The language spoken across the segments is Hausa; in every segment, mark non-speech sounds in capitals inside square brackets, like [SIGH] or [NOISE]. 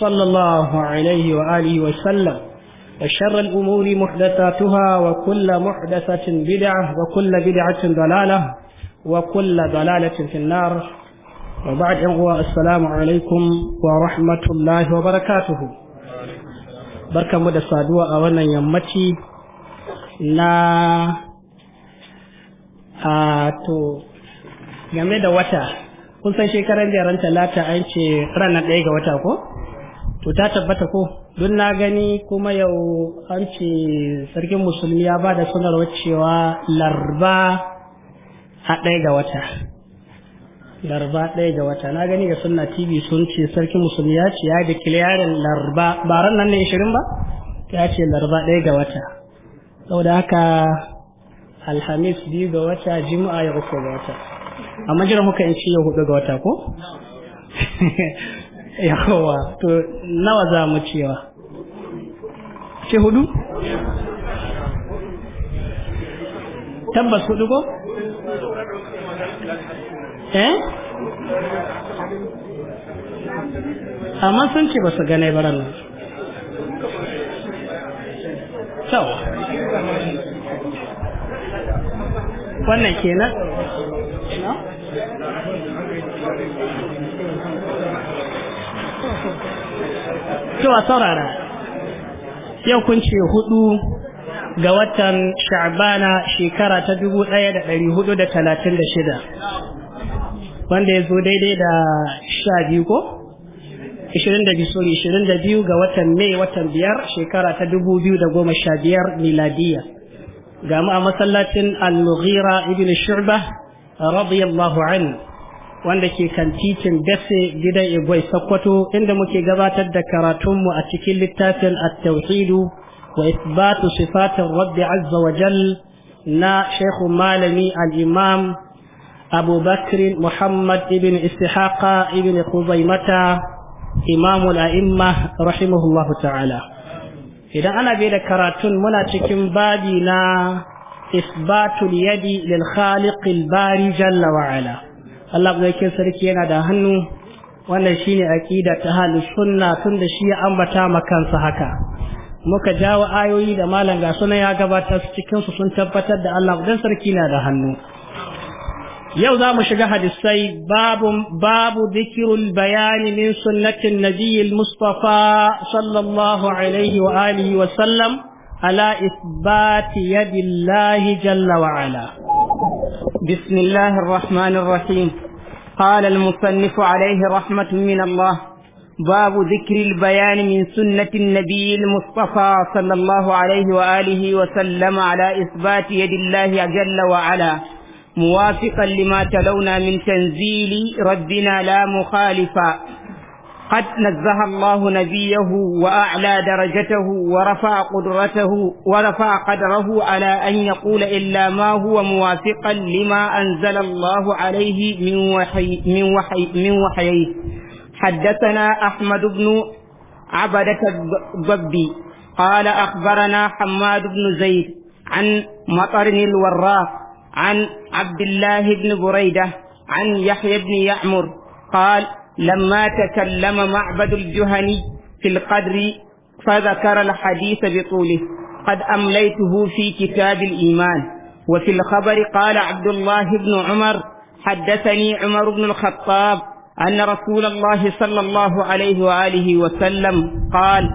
صلى الله عليه وآله وسلم وشر الأمور محدثاتها وكل محدثة بدعة وكل بدعة ضلالة وكل ضلالة في النار وبعد السلام عليكم ورحمة الله وبركاته بركة مدى صادوة أولا يمتي na a to game da wata kun san shekaran da ran talata an ce ranar ɗaya ga wata ko to ta tabbata ko don na gani kuma yau an ce sarkin musulmi ya ba da sunar wacewa larba a ɗaya ga wata larba ɗaya ga wata na gani ga sunna tv sun ce sarkin musulmi ya ce ya da kiliyarin larba ba ran nan ne shirin ba ya ce larba ɗaya ga wata saboda haka alhamis biyu ga wata juma'a ya uku ga wata amma jiran muka in ce ya hudu ga wata ko [LAUGHS] yawa to nawa za mu cewa ce hudu tabbas hudu ko eh amma sun ce ba su gane baran nan wannan kenan to a saurara yau kun ce hudu ga watan sha'bana shekara ta dubu ɗaya da dari hudu da talatin da shida wanda ya zo daidai da sha biyu ko ishirin da biyu sorry ishirin da biyu ga watan mai watan biyar shekara ta dubu biyu da goma sha biyar miladiya ga mu a masallacin al-mughira ibn shu'ba radiyallahu anhu wanda ke kan titin dase gidan igwai sakkwato inda muke gabatar da karatunmu a cikin littafin at-tauhidu wa isbatu sifatin rabbi azza wa jal na shaikhu malami al-imam muhammad ibn ishaqa ibn khuzaimata imamul a'imma rahimahullahu ta'ala idan ana bai da karatun muna cikin babi na isbatul yadi lil khaliqil bari jalla wa ala Allah madaukakin sarki yana da hannu wannan shine aƙida ta halus sunna da shi ya ambata ma kansa haka muka jawo ayoyi da malam ga sunan ya gabatar cikin su sun tabbatar da Allah dan sarki na da hannu yau za mu shiga hadisai babu babu dhikirul bayani min sunnatin nabiyil mustafa sallallahu alaihi wa alihi wa sallam ala isbati yadillahi jalla wa ala بسم الله الرحمن الرحيم قال المصنف عليه رحمة من الله باب ذكر البيان من سنة النبي المصطفى صلى الله عليه وآله وسلم على إثبات يد الله جل وعلا موافقا لما تلونا من تنزيل ربنا لا مخالفا قد نزه الله نبيه وأعلى درجته ورفع قدرته ورفع قدره على أن يقول إلا ما هو موافقا لما أنزل الله عليه من وحي من وحي من وحيه حدثنا أحمد بن عبدة الضبي قال أخبرنا حماد بن زيد عن مطر الوراق عن عبد الله بن بريدة عن يحيى بن يعمر قال لما تكلم معبد الجهني في القدر فذكر الحديث بطوله قد أمليته في كتاب الإيمان وفي الخبر قال عبد الله بن عمر حدثني عمر بن الخطاب أن رسول الله صلى الله عليه وآله وسلم قال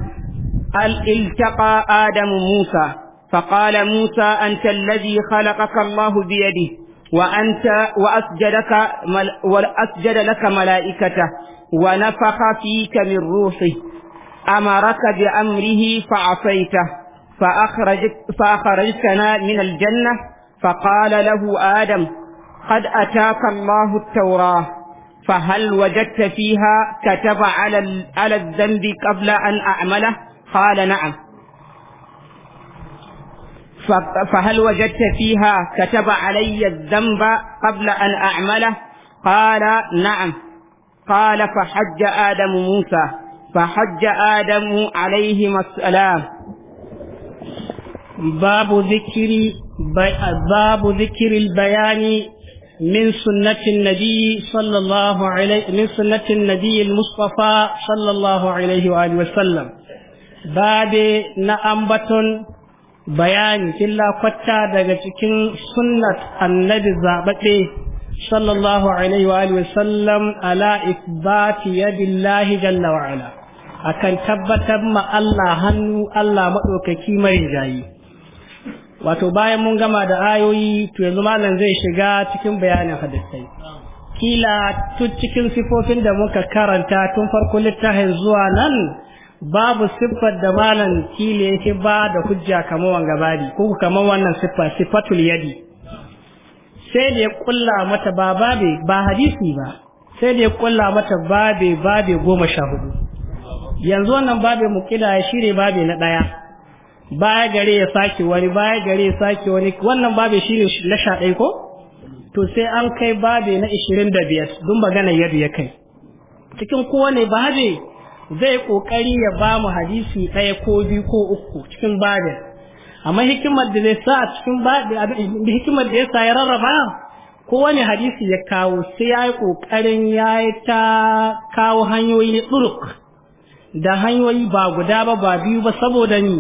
التقى آدم موسى فقال موسى أنت الذي خلقك الله بيده وأنت وأسجدك مل وأسجد لك ملائكته ونفخ فيك من روحه أمرك بأمره فعصيته فأخرجت فأخرجتنا من الجنة فقال له آدم قد أتاك الله التوراة فهل وجدت فيها كتب على على الذنب قبل أن أعمله قال نعم فهل وجدت فيها كتب علي الذنب قبل أن أعمله قال نعم قال فحج آدم موسى فحج آدم عليهما السلام باب ذكر باب ذكر البيان من سنة النبي صلى الله عليه من سنة النبي المصطفى صلى الله عليه وآله وسلم باب نأمبة bayani illa kwatta daga cikin sunnat annabi zaɓaɓe sallallahu alaihi wa alihi sallam ala isbati yadillahi jalla wa ala akan tabbatar ma Allah hannu Allah madaukaki mai jayi wato bayan mun gama da ayoyi to yanzu malam zai shiga cikin bayanin hadisai kila tun cikin sifofin da muka karanta tun farko littafin zuwa nan babu siffar da malam kile yake ba da hujja kamar wanga babi ko kamar wannan siffa sifatul yadi sai da ya kulla mata babe ba hadisi ba sai da ya kulla mata babe babe goma sha hudu yanzu wannan babe mu kila ya shire babe na daya baya gare ya sake wani baya gare ya sake wani wannan babe shine na sha ɗaya ko to sai an kai babe na ishirin da biyar don magana yadda ya kai cikin kowane babe zai kokari ya ba mu hadisi ɗaya ko biyu ko uku cikin babin amma hikimar da zai sa a cikin babin hikimar da ya sa ya rarraba Ko wani hadisi ya kawo sai ya yi kokarin ya yi ta kawo hanyoyi ɗuruk da hanyoyi ba guda ba ba biyu ba saboda ni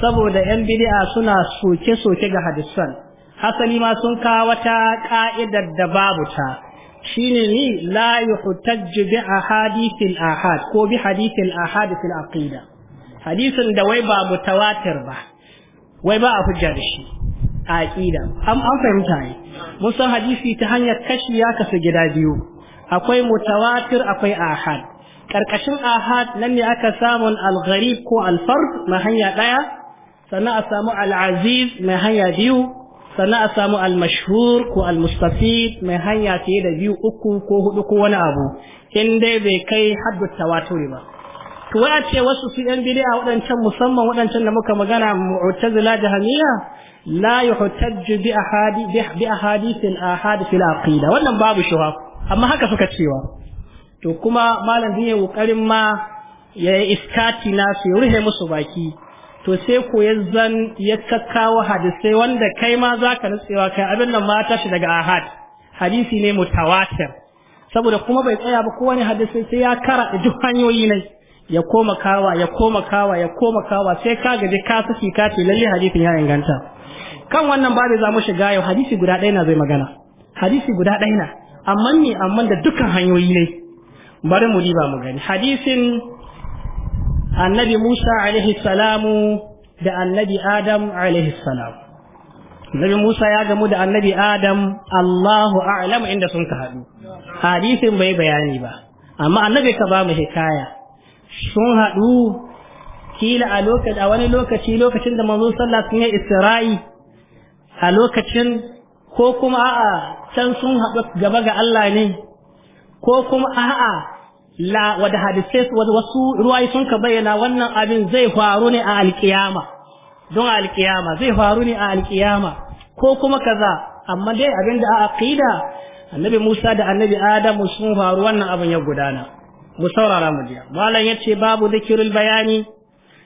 saboda yan bid'a suna soke-soke ga hadisan hasali ma sun kawo wata ka'idar da babu ta shine ni la yuhtajju bi hadithin ahad ko bi hadithin ahad fil aqida hadisin da wai ba tawatir ba wai ba a hujja da shi a aqida an an fahimta ne san hadisi ta hanyar kashi ya kasu gida biyu akwai mutawatir akwai ahad karkashin ahad nan ne aka samun al-gharib ko al-fard mai hanya daya sannan a samu al-aziz mai hanya biyu sannan a samu almashhur ko almustafid mai hanya fiye da biyu uku ko hudu ko wani abu in dai bai kai haddu tawaturi ba to wai a ce wasu su yan bid'a waɗancan musamman waɗancan da muka magana mu'tazila jahmiya la yuhtajju bi ahadi bi ahadith al ahad fil aqida wannan babu shuha amma haka suka cewa to kuma malam zai yi kokarin ma ya iskati na ya rufe musu baki to sai ko ya zan ya kakkawa hadisai wanda kai ma za ka nutsewa kai abin nan ma tashi daga ahad hadisi ne mutawatir saboda kuma bai tsaya ba kowane hadisi sai ya kara da duk hanyoyi ne ya koma kawa ya koma kawa ya koma kawa sai ka gaji ka saki ka ce lalle hadisin ya inganta kan wannan babu za mu shiga yau hadisi guda ɗaya na zai magana hadisi guda ɗaya na amma ne amma da dukkan hanyoyi ne bari mu diba mu gani hadisin annabi Musa alaihi salamu da annabi Adam alaihi salamu annabi Musa ya gamu da annabi Adam Allahu a'lam inda sun ka haɗu hadisin bai bayani ba amma annabi ka ba mu hikaya sun haɗu kila a lokaci a wani lokaci lokacin da manzo sallah sun yi isra'i a lokacin ko kuma a'a can sun haɗu gaba ga Allah ne ko kuma a'a la wada hadisai wasu ruwayi sun ka bayyana wannan abin zai faru ne a alkiyama don alkiyama zai faru ne a alkiyama ko kuma kaza amma dai abin da a aqida annabi Musa da annabi Adamu sun faru wannan abin ya gudana mu saurara mu jiya malam yace babu zikirul bayani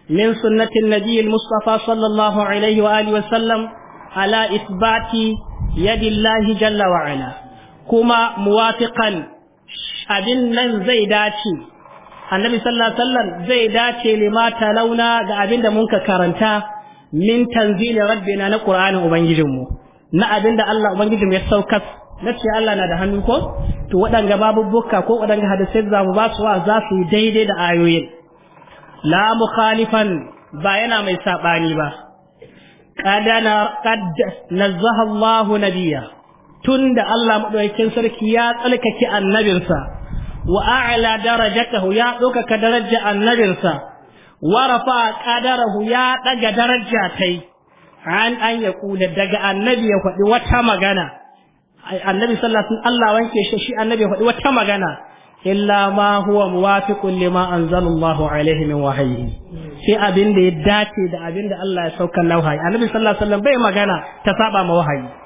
min sunnatin nabiyil mustafa sallallahu alaihi wa alihi wa sallam ala isbati yadillahi jalla wa ala kuma muwafiqan abin nan zai dace annabi sallallahu alaihi wasallam zai dace limata launa ga abin da mun ka karanta min tanzili rabbina na qur'anin ubangijinmu na abin da Allah ubangijinmu ya saukar na ce Allah na da hannu ko to waɗanga babubbuka ko waɗanga hadisai za mu ba su wa za su daidai da ayoyin la mukhalifan ba yana mai sabani ba qad nazaha Allahu nabiyya tun da Allah maɗaukakin sarki ya tsalkake annabinsa wa a'la darajatahu ya ɗaukaka daraja annabinsa wa rafa qadarahu ya ɗaga daraja tai an an ya kula daga annabi ya faɗi wata magana annabi sallallahu alaihi Allah wanke shi annabi ya faɗi wata magana illa ma huwa muwafiqun lima anzalallahu alaihi min wahyihi sai abin da ya dace da abin da Allah ya saukar lauhayi annabi sallallahu alaihi bai magana ta saba ma wahayi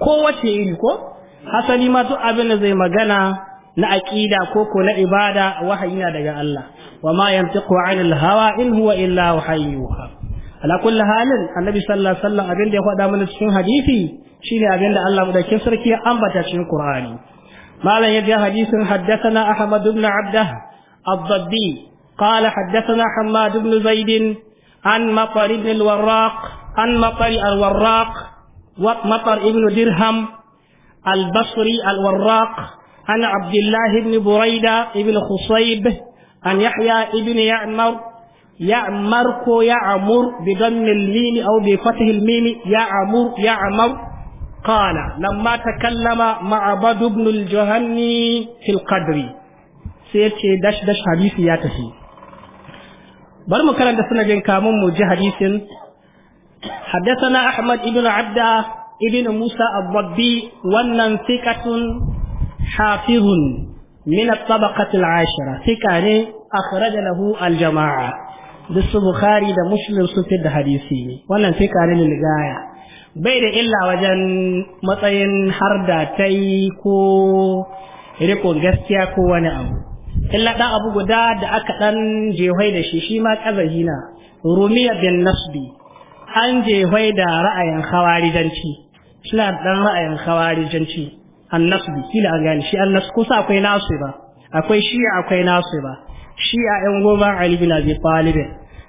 kowace iri ko hasali ma duk abin da zai magana na aqida ko ko na ibada wahayi na daga Allah wa ma yantiqu anil hawa in huwa illa wahayyuha ala kulli halin annabi sallallahu alaihi wasallam abin da ya faɗa mana cikin hadisi shine abin da Allah madaukin sarki ya ambata cikin Qur'ani malam yadda hadisin haddathana Ahmad ibn Abdah الضبي قال حدثنا حماد بن زيد عن مطر بن الوراق عن مطر الوراق wat ibnu dirham al-basri al-warraq an abdullah ibn buraida ibn khusayb an yahya ibn ya'mar ya'mar ko ya'mur bi dhamm al-mim aw bi fath al lamma ta kallama badu ibn al-juhanni fil qadri dash dash hadith ya tafi bar mu karanta sanajin kamun mu ji hadisin. حدثنا أحمد بن عبد ابن موسى الضبي ونن ثقة حافظ من الطبقة العاشرة ثقة أخرج له الجماعة دس بخاري ده مسلم سفد حديثي ونن ثقة للغاية bai da illa wajen matsayin har da ta ko rikon gaskiya ko wani abu illa ɗan abu guda da aka ɗan jehoi da shi shi ma ƙazahi bin nasbi an jefai da ra'ayin khawarijanci suna dan ra'ayin khawarijanci annasu kila an gane shi annasu kusa akwai nasu ba akwai shi akwai nasu ba shi a yan goma ali bin abi talib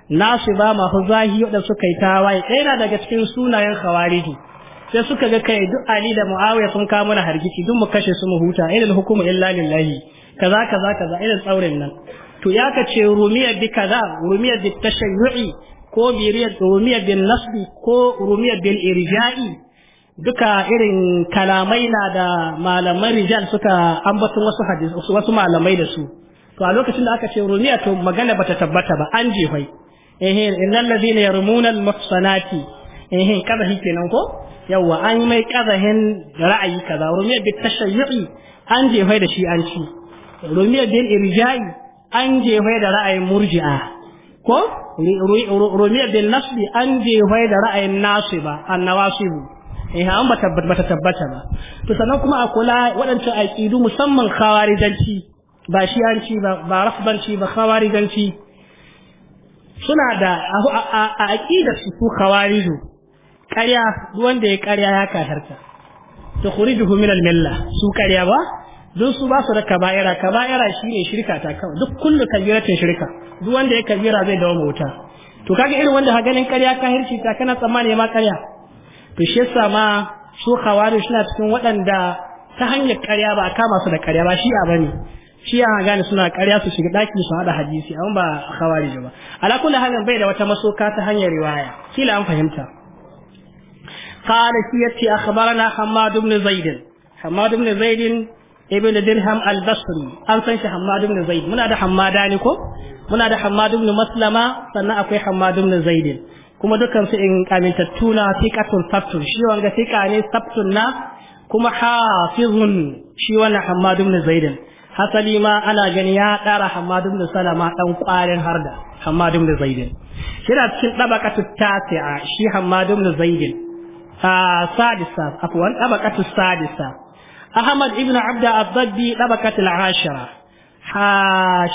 nasu ba ma zahi da suka yi tawaye ɗaya na daga cikin sunayen khawariji sai suka ga kai duk ali da muawiya sun kawo mana hargitsi duk mu kashe su mu huta ilal hukumu illa lillahi kaza kaza kaza irin tsaurin nan to ya ka ce rumiyar bi kaza rumiyar bi tashayyu'i ko rumiya bin nasbi ko rumiya bin irja'i duka irin kalamai na da malaman rijal suka ambatun wasu hadis wasu malamai da su to a lokacin da aka ce rumiya to magana bata tabbata ba an jehwai eh innal ladina yarmuna al muhsanati eh kazahi kenan ko yawa an yi mai kazahin ra'ayi kaza rumiya bi tashayyu'i an jehwai da shi an ci rumiya bin irja'i an jehwai da ra'ayin murji'a ko rumiyar da nasbi an jefai da ra'ayin nasu ba annawasibu eh an ba tabbata tabbata ba to sannan kuma a kula waɗancan aƙidu musamman khawarijanci ba shi'anci ba ba rafbanci ba khawarijanci suna da a aqidar su ko khawariju ƙarya wanda ya ƙarya ya kafarta tukhrijuhu min al-milla su karya ba don su ba su da kaba'ira kaba'ira shine shirka ta kawai duk kullu kabiratun shirka duk wanda ya kabira zai dawo wuta to kaga irin wanda haganin ƙarya hirci ta kana tsammani ma ƙarya to shi yasa ma su khawari suna cikin waɗanda ta hanyar karya ba a kama su da karya ba shi'a bane shi'a gane suna karya su shiga daki su hada hadisi amma ba khawari ba ala kulli halin bai da wata masoka ta hanyar riwaya kila an fahimta قال سيتي أخبرنا حماد بن زيد حماد بن زيد ibn dirham al-basri an san shi hammad ibn zaid muna da hammada ne ko muna da hammad ibn maslama sannan akwai hammad ibn zaid kuma dukkan su in kamintattu tuna fiqatun sabtun shi wanga fiqa ne sabtun na kuma hafizun shi wannan hammad ibn zaid hasali ma ana gani ya ƙara hammad ibn salama dan ƙwarin harda hammad ibn zaid kira cikin dabaqatu tasi'a shi hammad ibn zaid a ah, sadisa afwan dabaqatu sadisa أحمد بن عبد الضدي طبقة العاشرة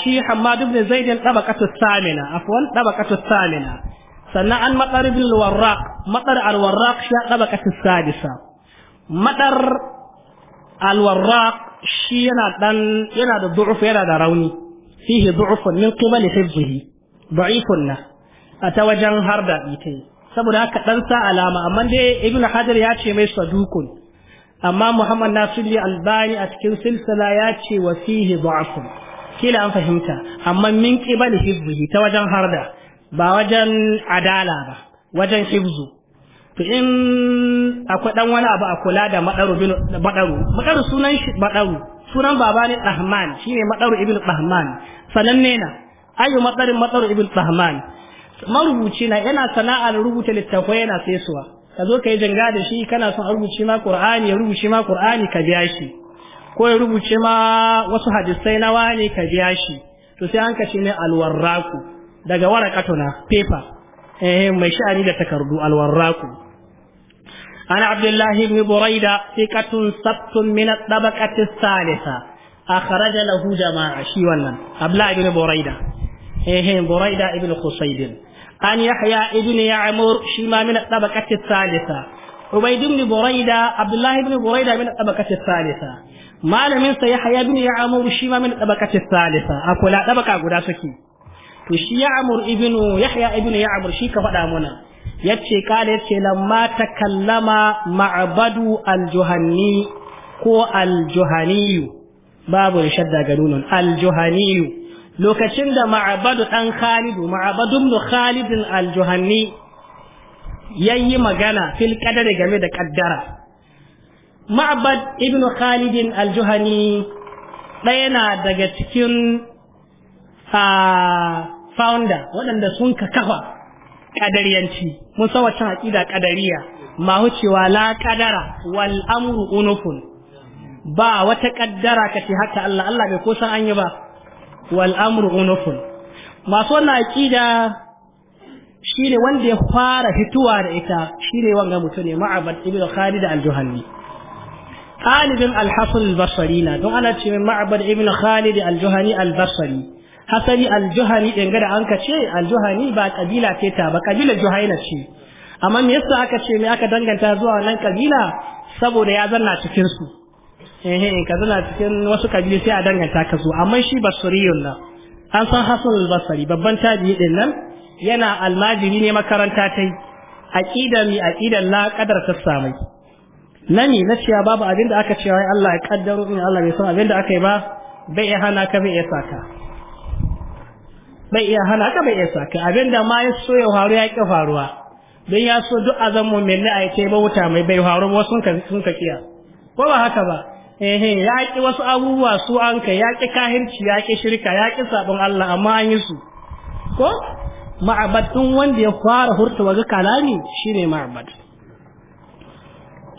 شي حماد بن زيد طبقة الثامنة عفوا طبقة الثامنة سنة مطر بن الوراق مطر الوراق شي طبقة السادسة مطر الوراق شي ينا دان ينا ضعف روني فيه ضعف من قبل حفظه ضعيف له أتوجه هربا بيتي سبنا كتنسى على ما أمن amma dai ibnu hajar ya amma Muhammad Nasirli Albani a cikin silsila ya ce wa fihi da'afun kila an fahimta amma min qibal hibzi ta wajen harda ba wajen adala ba wajen hibzu to in akwai dan wani abu a kula da madaru bin madaru madaru sunan shi madaru sunan baba ne Rahman shine madaru ibn Rahman sananne na ayu madarin madaru ibn Rahman marubuci na yana sana'ar rubuta littafai yana saisuwa ka zo ka yi janga da shi kana son a rubuce ma qur'ani ya rubuce ma qur'ani ka biya shi ko ya rubuce ma wasu hadisai na wani ka biya shi to sai an kace ne alwarraku daga warakatuna paper eh mai sha'ani da takardu alwarraku ana عبد الله بن بريدة ثقة سبت من الطبقة الثالثة أخرج له جماعة شي عبد الله بن بريدة إيه بريدة ابن خصيب an yahya ibn ya'mur shi ma min tabaqati salisa ubayd ibn buraida abdullah ibn buraida min tabaqati salisa malamin sa yahya ibn ya'mur shi ma min tabaqati salisa akwai tabaka guda suke to shi ya'mur ibn yahya ibn ya'mur shi ka faɗa muna yace kala yace lamma takallama ma'badu al-juhanni ko al-juhaniyu babu shadda ga nunun al-juhaniyu lokacin da ma'abadu ɗan khalidu ma'abadun da khalidin aljuhanni ya yi magana fil game da ƙaddara, ma'abad ibn khalidin aljuhani ɗaya na daga cikin founder waɗanda sun ka kafa ƙadariyanci mun san wacce aƙida ƙadariya ma hucewa la ƙadara wal amru unufun ba wata ƙaddara kace haka Allah Allah bai ko san an yi ba wal amru unufun masu wannan aqida shine wanda ya fara fituwa da ita shine wanga mutune ma'abad ibn khalid al al-hasan al na don ana cewa ma'abad ibn khalid al-juhani al-basri hasani al-juhani din ga da ce al-juhani ba kabila ce ta ba kabila juhaina ce amma me yasa aka ce me aka danganta zuwa nan kabila saboda ya zanna cikin ehe, ka zana cikin wasu kabilu sai a danganta ka zo amma shi basriyun nan an san hasan albasari babban tabi'i din nan yana almajiri ne makaranta ta yi aqida mi aqidan la qadar ta samai nani na cewa babu abin da aka cewa Allah ya kaddaro in Allah bai san da aka yi ba bai iya hana ka bai iya saka bai iya hana ka bai iya saka ma ya so ya faru ya ki faruwa don ya so duk azan mu'min ne a wuta mai bai faru sun ka kiya ko ba haka ba ehe ya ƙi wasu abubuwa su an kai ya ƙi kahirci ya ƙi shirka ya ƙi sabon Allah amma an yi su ko ɗin wanda ya fara hurta lami shi ne ma'abad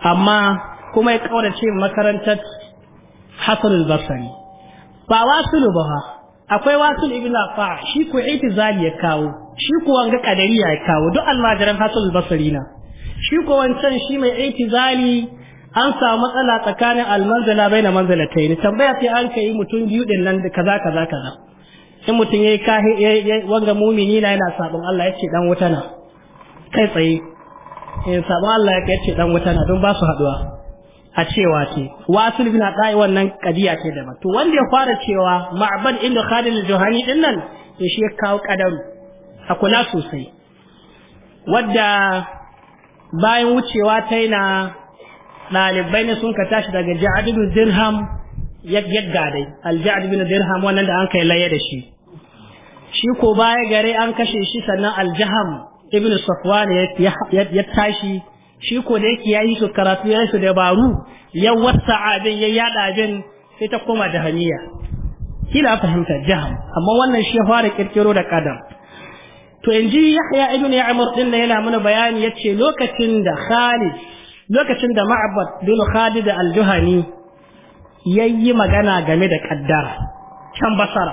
amma kuma ya kaurace makarantar Hassan al Ba ba ne ba akwai wasil ibn Affan shi ko zali ya kawo shi ko wanga kadariya ya kawo duk almajiran Hassan al na shi ko wancan shi mai zali an samu matsala tsakanin almanzala bai na ta ne tambaya sai an kai mutum biyu din nan kaza kaza kaza in mutum ya yayi kahi wanga mumini na yana sabon Allah ya ce dan wuta na kai tsaye in eh, sabon Allah ya ce dan wuta na don ba su haduwa a cewa ce wasu bin ɗaya wannan kadiya ce da to wanda ya fara cewa ma'bad inda khalil johani din nan to shi ya kawo kadaru a kula sosai wadda bayan wucewa ta na ɗalibai ne sun ka tashi daga ja'ad ibn dirham ya dai al-ja'ad ibn dirham wannan da an kai laye da shi shi ko baya gare an kashe shi sannan al-jaham ibn safwan ya tashi shi ko da yake yayi su karatu yayi su dabaru ya wasa abin ya yada abin sai ta koma da haniya kila fahimta jaham amma wannan shi ya fara kirkiro da kadam to in yahya ibn ya'mur din yana mana bayani yace lokacin da Khalid lokacin da ma'abbad bin khalid al-juhani yayi magana game da kaddara can basara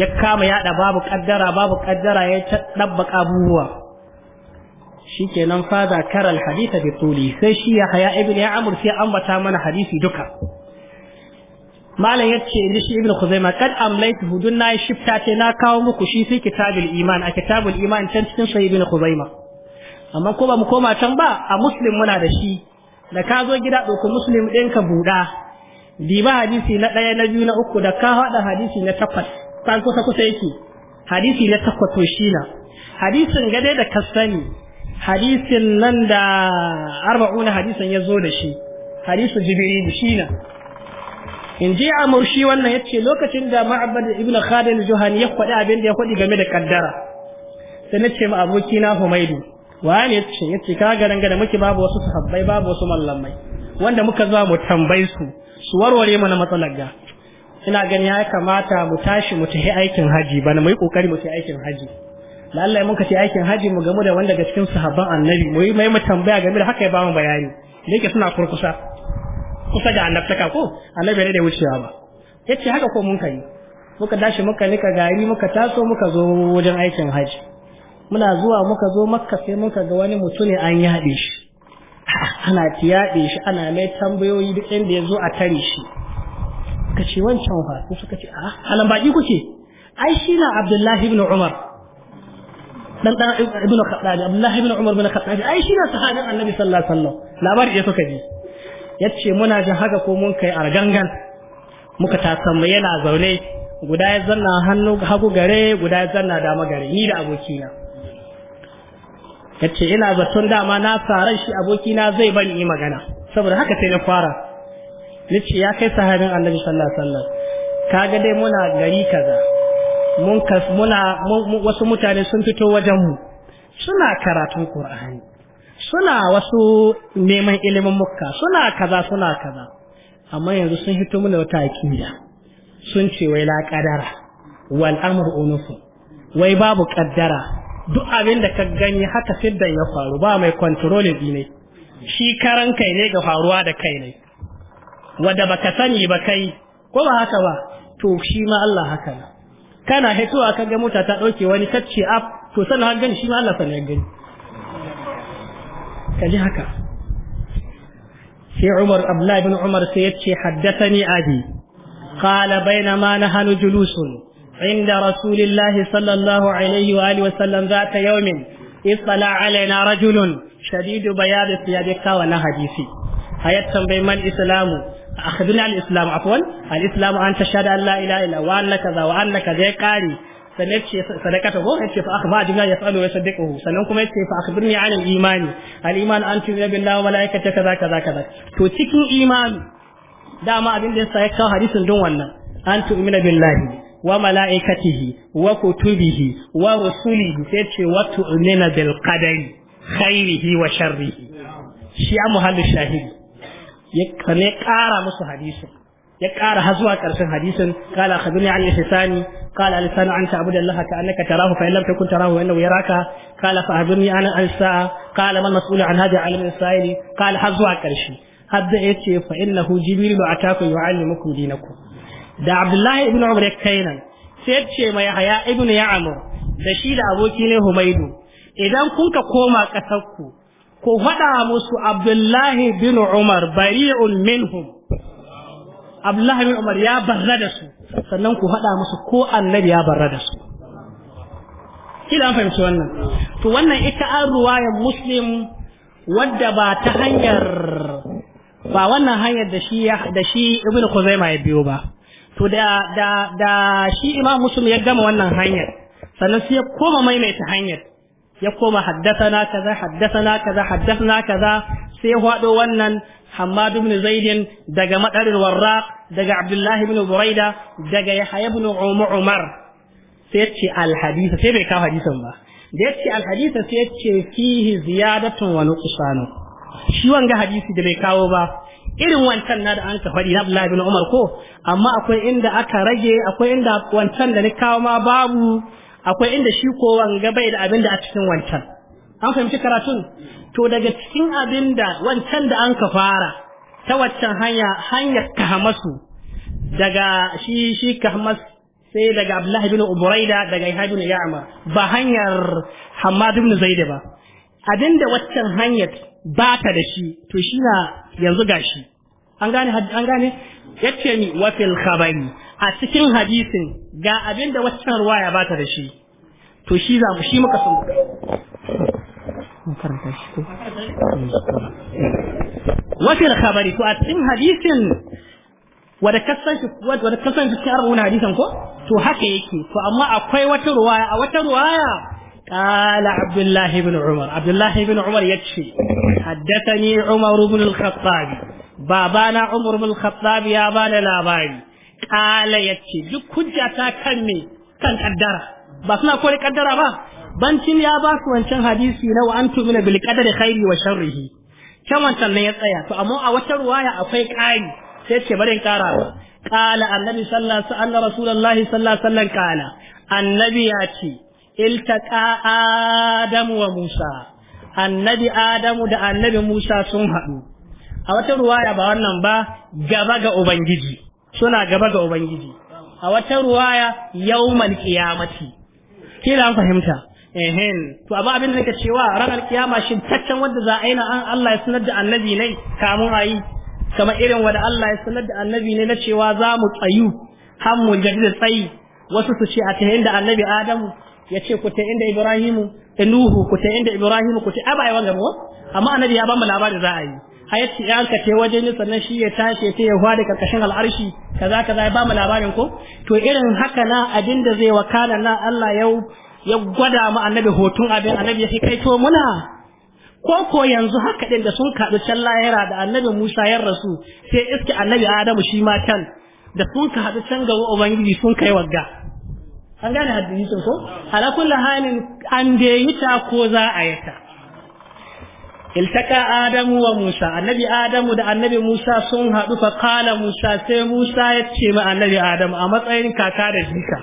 ya kama ya da babu kaddara babu kaddara ya dabbaka abubuwa shikenan fa zakara al-hadith bi tuli sai shi ya haya ibn ya amr sai an bata mana hadisi duka malam yace ni shi ibn khuzaima kad amlaitu hudunna shifta ce na kawo muku shi fi kitabul iman a kitabul iman can cikin sahih ibn khuzaima amma ko ba mu koma can ba a muslim muna da shi da ka zo gida ɗauki muslim ɗin ka buɗa diba hadisi na ɗaya na biyu na uku da ka haɗa hadisi na takwas kan kusa kusa yake hadisi na takwas to shi na hadisin gade da kasani hadisin nan da arba'una hadisin ya zo da shi hadisu jibril shi na in ji a murshi wannan ya ce lokacin da da ibn khadim juhani ya faɗi abin da ya faɗi game da kaddara sai na ce ma abokina humaidu wani ya ce yace ka ga dangane muke babu wasu sahabbai babu wasu mallamai wanda muka zuwa mu tambayi su su warware mana matsalar ga ina gani ya kamata mu tashi mu tafi aikin haji bana mu yi kokari mu tafi aikin haji lallai Allah mun ka ce aikin haji mu gamu da wanda ga cikin sahabban annabi mu yi mai mu tambaya game da haka ya ba mu bayani da yake suna kurkusa kusa da annabtaka ko annabi ne da wucewa ba yace haka ko mun kai muka dashi muka nika gari muka taso muka zo wajen aikin haji muna zuwa muka zo makka sai muka ga wani ne an yaɗe shi ana yaɗe shi ana mai tambayoyi duk inda ya zo a tare shi ka ce wancan fa sai suka ce a halan baki kuke ai shi na abdullahi ibn umar dan dan ibn khattab abdullahi ibn umar ibn khattab ai shi na sahabin annabi sallallahu alaihi wasallam labari ya suka ji yace muna jin haka ko mun kai argangan muka ta tasamma yana zaune guda ya zanna hannu hagu gare guda ya zanna dama gare ni da abokina yace ina zaton dama na faran shi abokina zai ban yi magana saboda haka sai na fara nace ya kai sahabin annabi sallallahu alaihi wasallam kaga dai muna gari kaza mun kas muna wasu mutane sun fito wajen mu suna karatun qur'ani suna wasu neman ilimin mukka suna kaza suna kaza amma yanzu sun hito mana wata akida sun ce wai la kadara wal amru unufu wai babu kaddara duk abin da ka gani haka siddan ya faru ba mai kwantarolin ne shi karan kai ne ga faruwa da kai ne wadda ka sani ba kai ko ba haka ba to shi ma Allah haka na kana hitowa ka ga mota ta ɗauke wani tacce af to sanin har gani shi ma Allah sanin ya gani ka ji haka sai Umar Abdullahi bin Umar sai ya ce haddathani abi qala bainama nahanu julusun عند رسول الله صلى الله عليه وآله وسلم ذات يوم اطلع علينا رجل شديد بياض ثيابك ونهديسي هيا تنبي ما الإسلام أخذنا الإسلام عفوا الإسلام أن تشهد أن لا إله إلا وأن كذا وأن كذا قاري sadakata ko yace fa akhba jinna yasalu wa yasaddiquhu sannan kuma yace fa akhbirni an al-iman al-iman an tu'minu billahi wa malaikatihi kaza kaza kaza to cikin imani dama abin da hadisin don wannan an tu'minu wa mala'ikatihi wa kutubihi wa rasuli sai ce wa tu'mina bil qadari khairihi wa sharrihi shi a muhallu shahidi ya kara musu hadisin ya kara har zuwa karshen hadisin qala khabirni an ihsani qala lisanu an ta'budu allaha ka'annaka tarahu fa in lam takun tarahu fa innahu yaraka qala fa akhbirni an al-sa'a Kala man mas'ulu an hadha 'alim al-sa'ili qala har zuwa karshe hadda yace fa innahu jibrilu ataku yu'allimukum dinakum da abdullahi ibn umar ya kai nan sai ce mai haya ibn ya'mur da shi da aboki ne humaidu idan kun ka koma ƙasar ku ku fada musu abdullahi bin umar bari'un minhum abdullahi bin umar ya barra da su sannan ku fada musu ko annabi ya barra da su kila an fahimci wannan to wannan ita an ruwayan muslim wadda ba ta hanyar ba wannan hanyar da shi da shi ibnu ya biyo ba to da da da shi imam muslim ya gama wannan hanyar sannan sai ya koma maimaita hanyar ya koma haddathana kaza haddathana kaza haddathana kaza sai ya hado wannan Hammad ibn Zaid daga madarin Warraq daga Abdullah ibn Buraida daga Yahya ibn umm Umar sai ce al hadith sai bai kawo hadisin ba da yace al hadith sai ce fihi ziyadatun wa nuqsanu shi wanga hadisi da bai kawo ba irin wancan na da an ka faɗi na Abdullahi bin Umar ko amma akwai inda aka rage akwai inda wancan da ni kawo ma babu akwai inda shi ko wanga bai da abin da a cikin wancan an fahimci karatun to daga cikin abin da wancan da an ka fara ta waccan hanya hanyar kahamasu daga shi shi kahamas sai daga Abdullahi bin Ubraida daga Ihab bin Ya'mar ba hanyar Hammad bin Zaid ba abinda waccan hanyar ba ta da shi to shi na yanzu gashi an gane an gane yace ni wa fil khabari a cikin hadisin ga abinda waccan ruwaya ba ta da shi to shi za mu shi muka san wa fil khabari to a cikin hadisin wada kasan shi wada kasan shi cikin arba'un hadisan ko to haka yake to amma akwai wata ruwaya a wata ruwaya قال عبد الله بن عمر عبد الله بن عمر يكشي حدثني عمر بن الخطاب بابانا عمر بن الخطاب يا بانا لاباري قال يكشي duk hujja ta kan me kan kaddara ba suna kore kaddara ba bancin ya ba su wancan hadisi na wa antum min bil qadari khairi wa sharrihi kan wancan ne ya tsaya to amma a wata ruwaya akwai ƙari sai ce barin ƙara قال النبي صلى الله عليه وسلم رسول الله صلى الله عليه وسلم قال النبي يأتي iltaqa adamu wa musa annabi adamu da annabi musa sun haɗu a wata ruwaya ba wannan ba gaba ga ubangiji suna gaba ga ubangiji a wata ruwaya yawmal qiyamati kila fahimta ehen to amma abin da cewa ranar kiyama shin taccen wanda za a yi na an Allah ya sanar da annabi ne kamun a kamar irin wanda Allah ya sanar da annabi ne na cewa za mu tsayu har mu jaddada tsayi wasu su ce a ta da annabi Adamu yace ku ta inda Ibrahimu da Nuhu ku ta inda Ibrahimu ku ta abai wanga mu amma annabi ya bamu labari za a yi hayati ya ka te wajen ne sannan shi ya tashi ta ya fara karkashin al'arshi kaza kaza ya bamu labarin ko to irin haka na abin da zai wakana na Allah yau ya gwada mu annabi hoton abin annabi ya fi kai to muna ko ko yanzu haka din da sun kaɗu can lahira da annabi Musa ya rasu sai iske annabi Adamu shi ma can da sun kaɗu can gaba Ubangiji sun kai wagga an gane hadisin ko ala kulli halin an da yi ta ko za a yi ta iltaka adamu wa musa annabi adamu da annabi musa sun haɗu fa kala musa sai musa ya ce ma annabi adamu a matsayin kaka da jika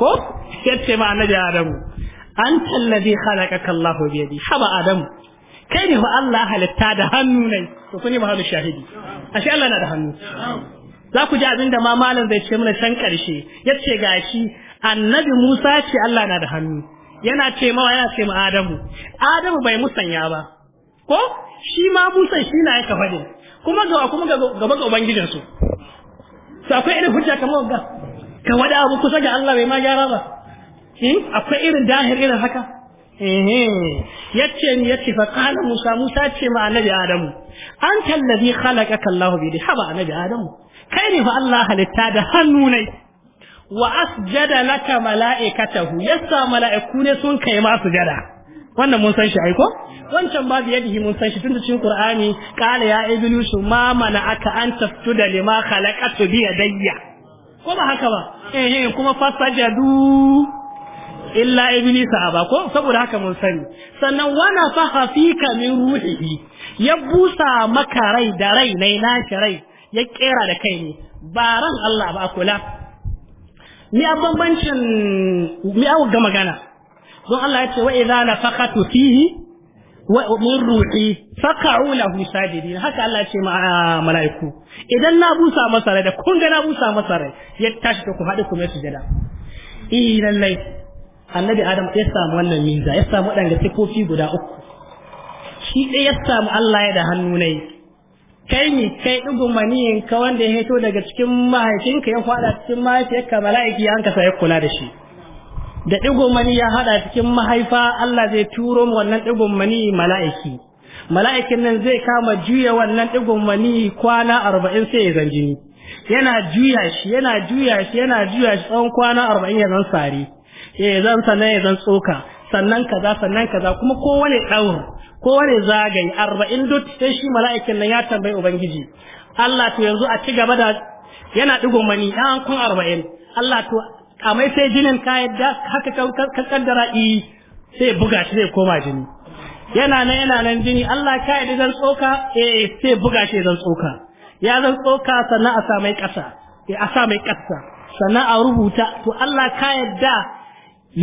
ko ya ce ma annabi adamu an tallabi halakaka Allah bi yadi haba adamu kai ne fa Allah halitta da hannu ne to kuni ba hadu shahidi ashe Allah na da hannu za ku ji abin ma malam zai ce mana can karshe yace gashi annabi Musa ce Allah na da hannu yana ce mawa yana ce ma Adamu Adamu bai musanya ba ko shi ma Musa shi na yaka fade kuma ga kuma gaba ga ubangijin su to akwai irin hujja kamar ga ka wada abu kusa ga Allah bai ma gyara ba in hmm? akwai irin dahir irin haka eh yace ni yace fa qala Musa Musa ce ma annabi Adamu anta allazi khalaqaka Allah bi haba annabi Adamu kai ne fa Allah halitta da hannu ne wa asjada laka mala'ikatahu yasa mala'iku ne sun kai ma sujada wannan mun san shi ai ko wancan babu yadihi mun san shi tunda cikin qur'ani qala ya iblisu ma mana aka an taftuda lima khalaqatu bi yadayya ko ba haka ba eh eh kuma fasajadu illa iblisa ba ko saboda haka mun sani sannan wana faha fika min ruhihi ya busa maka rai da rai nai naka rai ya kera da kai ne baran Allah ba kula mi a bambancin mi a ga magana don Allah ya ce wa idza nafaqatu fihi wa min ruhi faqa'u lahu sajidin haka Allah ya ce ma ah, mala'iku idan na busa masa rai da kun ga na busa masa rai ya tashi ku hadu ku mai sujada eh lallai annabi adam ya samu wannan miza ya samu dan ga sifofi guda uku shi dai ya samu Allah ya da hannu ne kai ne kai ɗigun maniyin ka wanda ya hito daga cikin mahaifinka ya faɗa cikin mahaifiyarka mala'iki an kasa ya kula da shi da ɗigun mani ya haɗa cikin mahaifa Allah zai turo mu wannan ɗigun mani mala'iki mala'ikin nan zai kama juya wannan ɗigun mani kwana arba'in sai ya zan jini yana juya shi yana juya shi yana juya shi tsawon kwana arba'in ya zan sare, ya zan sannan ya zan tsoka sannan kaza sannan kaza kuma kowane ɗaur kowane zagaye arba'in duk sai shi mala'ikin nan ya tambayi ubangiji Allah to yanzu a ci gaba da yana digon mani dan kun arba'in Allah to a mai sai jinin ka yadda haka ka kaddara i sai buga shi zai koma jini yana nan yana nan jini Allah ka yadda zan tsoka eh, eh sai buga shi zan tsoka ya zan tsoka sannan a sa mai kasa eh a sa mai kasa sannan a rubuta to Allah ka yadda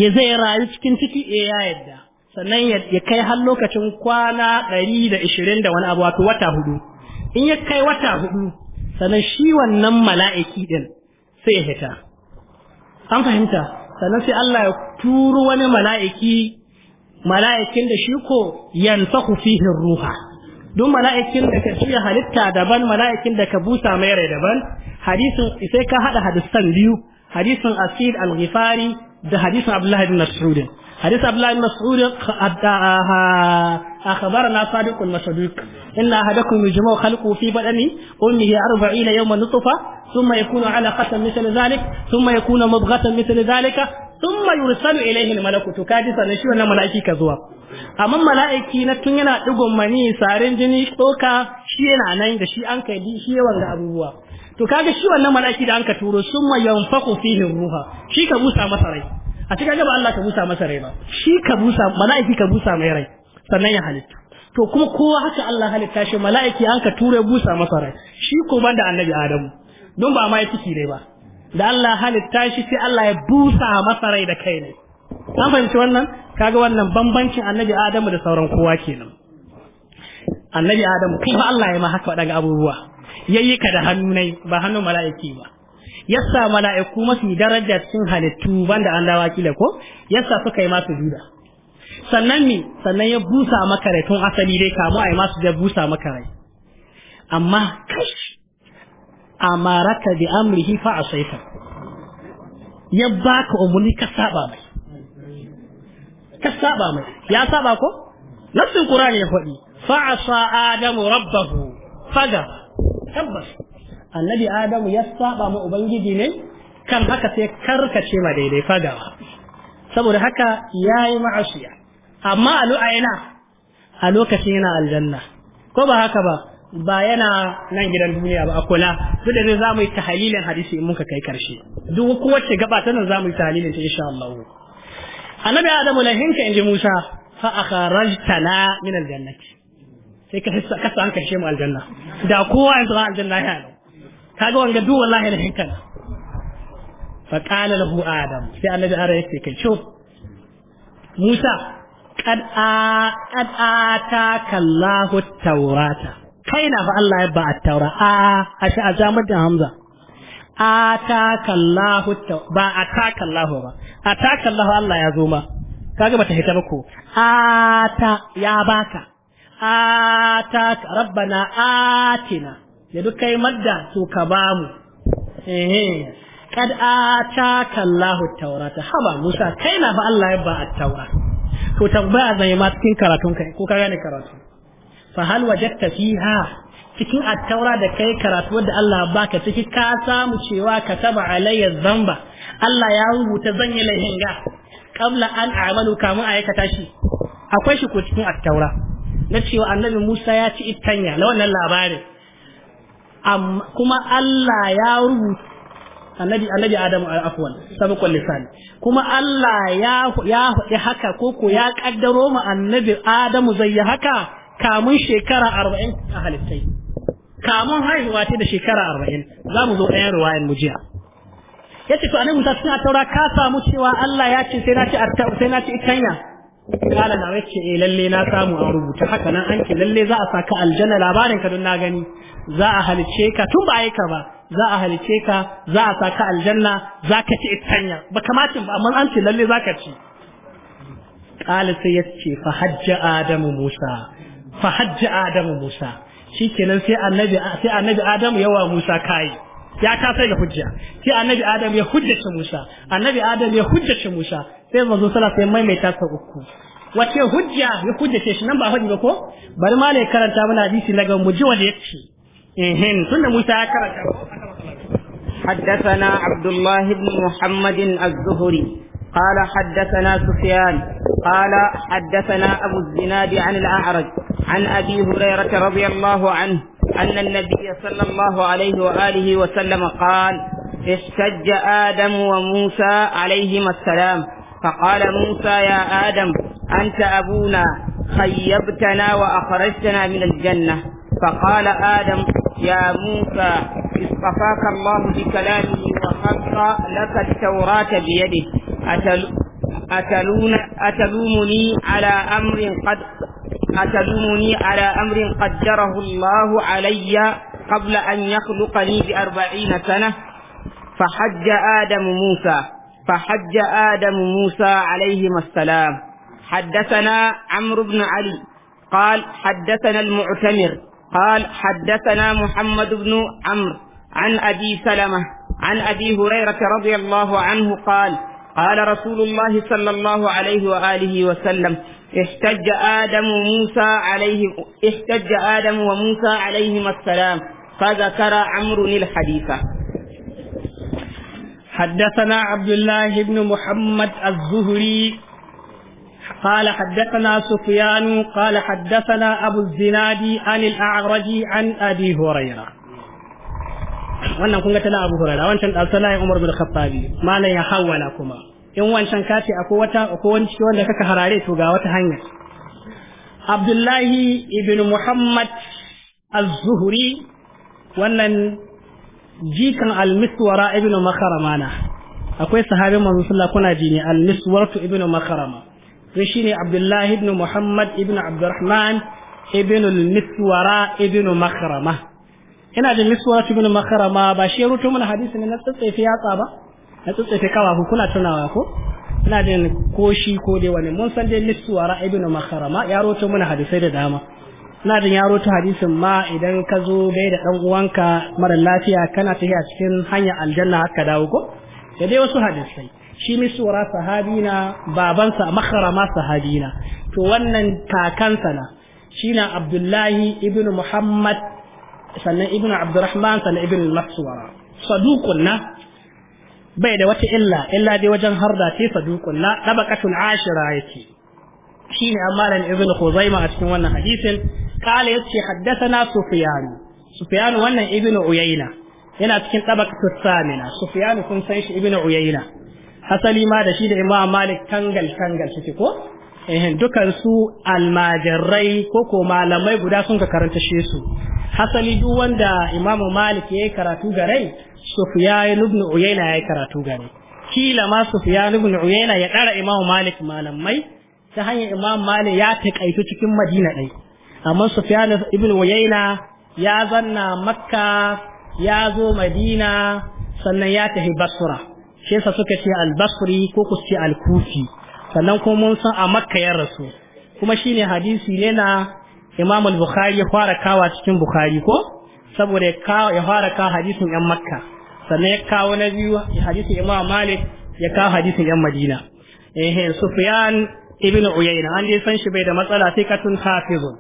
ya zai rayu cikin ciki eh ya yadda sannan ya kai har lokacin kwana ɗari da ishirin da wani abu wato wata hudu in ya kai wata hudu sannan shi wannan mala'iki ɗin sai ya hita an fahimta sannan sai Allah ya turu wani mala'iki mala'ikin da shi ko fi fihin ruha Don mala'ikin da ka ciye halitta daban mala'ikin da ka busa mai rai daban hadisin sai ka haɗa hadisan biyu hadisin asid al-ghifari da hadisin abdullahi bin mas'ud حديث عبد الله بن مسعود أخبرنا صادق وصدوق إن أحدكم يجمع خلقه في بدن أمه أربعين يوما نطفة ثم يكون علقة مثل ذلك ثم يكون مضغة مثل ذلك ثم يرسل إليه الملك تكادس نشيو أن ملائكي كزوا أما ملائكي نتن ينا تقوم مني سارين جني توكا شينا نين دا شي أنك دي شي وانغا أبوه تكادس شو أن ملائكي دا أنك تورو ثم ينفق فيه الروح شي كبوسا مصري a cikin gaba Allah ka busa masa rai ba shi ka busa mala'iki ka busa mai rai sannan ya halitta to kuma kowa haka Allah halitta shi mala'iki an ka ture busa masa rai shi ko ban da annabi Adamu don ba ma ya ciki ne ba da Allah halitta shi sai Allah ya busa masa rai da kai ne an fahimci wannan kaga wannan bambancin annabi Adamu da sauran kowa kenan annabi Adamu kuma Allah ya ma haka waɗanga abubuwa yayi ka da hannu ba hannun mala'iki ba yasa mala'iku masu daraja cikin halittu banda an dawa kila ko yasa suka yi masu duba sannan ne sannan ya busa maka rai tun asali dai kamu a yi masu da busa maka rai amma a amaraka bi amrihi fa asaita ya baka umarni ka saba mai ka saba mai ya saba ko nassin qur'ani ya faɗi fa sa adamu rabbahu faga tabbas annabi adamu ya saba ma ubangiji ne kan haka sai karkace ma daidai fagawa saboda haka yayi ma'asiya amma a yana a lokacin yana aljanna ko ba haka ba ba yana nan gidan duniya ba a kula duk da za mu yi tahalilin hadisi in muka kai karshe duk kowace gaba ta nan za mu yi tahalilin ta insha Allah annabi adamu lahinka inji musa fa akharajtana min aljannati sai ka hissa ka san kashe mu aljanna da kowa yanzu aljanna ya kaga wanga duk wallahi da hinkana fa qala lahu adam sai annabi ara yake kai sho Musa qad a qad ta kallahu tawrata kaina fa Allah ya ba tawra taura a a shi azamar da hamza ataka kallahu ba ta kallahu ba ta kallahu Allah ya zo ma kaga bata hita ba ko ata ya baka ataka rabbana atina Yadu kai madda to ka ba mu eh kad ta kallahu tawrata haba Musa kai na ba Allah ya ba at-taura to tambaya zai ma cikin karatun kai ko ka gane karatu fa hal wajadta fiha cikin a taura da kai karatu da Allah baka ciki ka samu cewa ka kataba alayya zamba Allah ya rubuta zan yi lahinga ga qabla an a'malu kamun aikata shi akwai shi ko cikin a taura na cewa annabi Musa ya ci ittanya na wannan labarin kuma Allah ya rubuta annabi annabi Adamu afwan sabqal lisan kuma Allah ya ya hudi haka ko ko ya kaddaro mu annabi Adamu zai yi haka kamun shekara 40 a halittai kamun haihuwa ta da shekara 40 za mu zo ɗayan ruwayan mujiya yace to annabi Musa suna taura ka samu cewa Allah ya ce sai na ci sai na ci itanya kala na wacce eh lalle na samu a rubuta haka nan an ce lalle za a saka aljanna labarin ka don na gani za a halice ka tun ba aika ba za a halice ka za a saka aljanna za ka ci itanya ba kamacin ba amma an ce lalle za ka ci kala sai ya ce fa hajja adamu musa fa hajja adamu musa shikenan sai annabi sai annabi adamu yawa musa kai ya kasar da hujja sai annabi adam ya hujjace musa annabi adam ya hujjace musa sai manzo sallallahu alaihi mai sa uku wace hujja ya hujjace shi nan ba hujja ko bari ma ne karanta mana hadisi daga muji wanda yake ehin tunda musa ya karanta حدثنا عبد الله بن محمد الزهري قال حدثنا سفيان قال حدثنا أبو الزناد عن الأعرج عن أبي هريرة رضي الله عنه أن النبي صلى الله عليه وآله وسلم قال احتج آدم وموسى عليهما السلام فقال موسى يا آدم أنت أبونا خيبتنا وأخرجتنا من الجنة فقال آدم يا موسى اصطفاك الله بكلامه وحق لك التوراة بيده أتل أتلون أتلومني على أمر قد أتدومني على أمر قدره الله علي قبل أن يخلقني بأربعين سنة فحج آدم موسى فحج آدم موسى عليهما السلام حدثنا عمرو بن علي قال حدثنا المعتمر قال حدثنا محمد بن عمرو عن أبي سلمة عن أبي هريرة رضي الله عنه قال قال رسول الله صلى الله عليه وآله وسلم احتج آدم وموسى عليه احتج آدم وموسى عليهما السلام فذكر عمرو الحديث حدثنا عبد الله بن محمد الزهري قال حدثنا سفيان قال حدثنا أبو الزناد عن الأعرج عن أبي هريرة wannan kun ga tana Abu hurara wancan da Abdullahi Umar bin Khattabi malan ya hawala kuma in wancan kati akwai wata akwai wani ciki wanda kaka harare to ga wata hanya Abdullahi ibn Muhammad az-Zuhri wannan jikan al-Miswara ibn Makharamana akwai sahabi manzo sallah kuna jini al miswaratu ibn Makharama to shine Abdullahi ibn Muhammad ibn Abdurrahman ibn al-Miswara ibn Makharama ina da miswara ibn makarama ba shi ya mana hadisi ne na tsatsefe yatsa ba na tsatsefe kawa ku kuna tunawa ko ina da koshi ko dai wani mun san dai miswara ibn makarama ya rubuto mana hadisai da dama ina da ya rubuto hadisin ma idan ka zo gai da dan uwanka mara lafiya kana a cikin hanya aljanna haka dawo ko da dai wasu hadisai shi miswara sahabina babansa makarama sahabina to wannan kakansa na shi na abdullahi ibn muhammad sannan ibn abdurrahman sannan ibn maswara saduqun na bai da wata illa illa dai wajen harda ce saduqun na tabaqatul ashira yake shine amma lan ibn khuzaima a cikin wannan hadisin kala yace haddathana sufyan sufyan wannan ibn uyayna yana cikin tabaqatul samina sufyan kun san shi ibn uyayna hasali ma da shi da imam malik tangal tangal suke ko eh dukan su almajirai ko ko malamai guda sun ka karanta shi su hasali duk wanda imamu malik ya yi karatu gare ya ibn uyena ya yi karatu gare kila ma sufiya ibn uyena ya ɗara imamu malik malamai ta hanyar imamu malik ya taƙaito cikin madina ɗai amma sufiyan ibn uyena ya zanna makka ya zo madina sannan ya tafi basra shi yasa suka ce al ko ku ce al-kufi sannan kuma mun san a makka ya rasu kuma shine hadisi ne Imam al-Bukhari ya fara kawa cikin Bukhari ko saboda ya fara kawo hadisin yan Makka sannan ya kawo na biyu hadisin Imam Malik ya kawo hadisin yan Madina eh Sufyan ibn Uyayna an dai san shi bai da matsala sai katun hafizun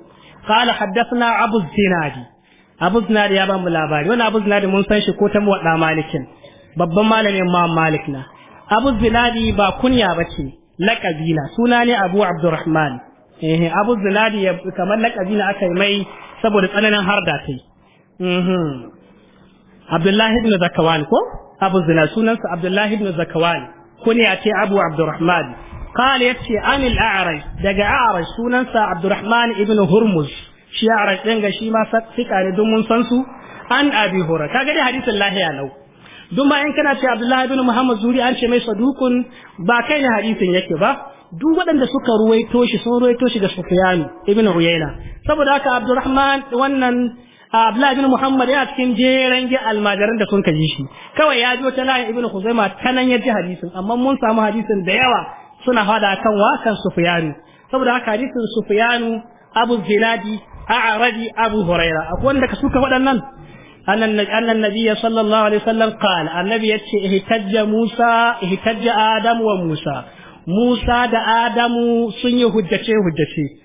qala haddathna Abu Zinadi Abu Zinadi ya bamu labari wannan Abu Zinadi mun san shi ko ta muwadda Malikin babban malamin Imam Malik na Abu Zinadi ba kunya bace ce, na suna ne Abu Abdurrahman eh ya kamar lakabi na aka yi mai saboda tsananin har da kai mhm abdullahi ibn zakawan ko abu sunan sa abdullahi ibn zakawan ko ne ake abu abdurrahman qala yati an al a'ray daga a'ray sunan sa abdurrahman ibn hurmuz shi a'ray din ga shi ma sika ne dun mun san su an abi hura kaga dai hadisin lahiya nau. dun ma in kana ce abdullahi ibn muhammad zuri an ce mai sadukun ba kai ne hadisin yake ba duk waɗanda suka ruwaito shi sun ruwaito shi ga Sufyan ibn Uyayna saboda haka Abdurrahman wannan Abdullahi bin Muhammad ya cikin jeran ji almajiran da sun kaji shi kawai ya zo ta layin Ibn Khuzaimah ta nan ya ji hadisin amma mun samu hadisin da yawa suna fada kan wa kan Sufyan saboda haka hadisin Sufyan Abu Zinadi A'radi Abu Huraira akwai wanda ka suka waɗannan annan annan nabiy sallallahu alaihi wasallam qala annabi yace ihtajja Musa ihtajja Adamu wa Musa Musa da Adamu sun yi hujjace hujjace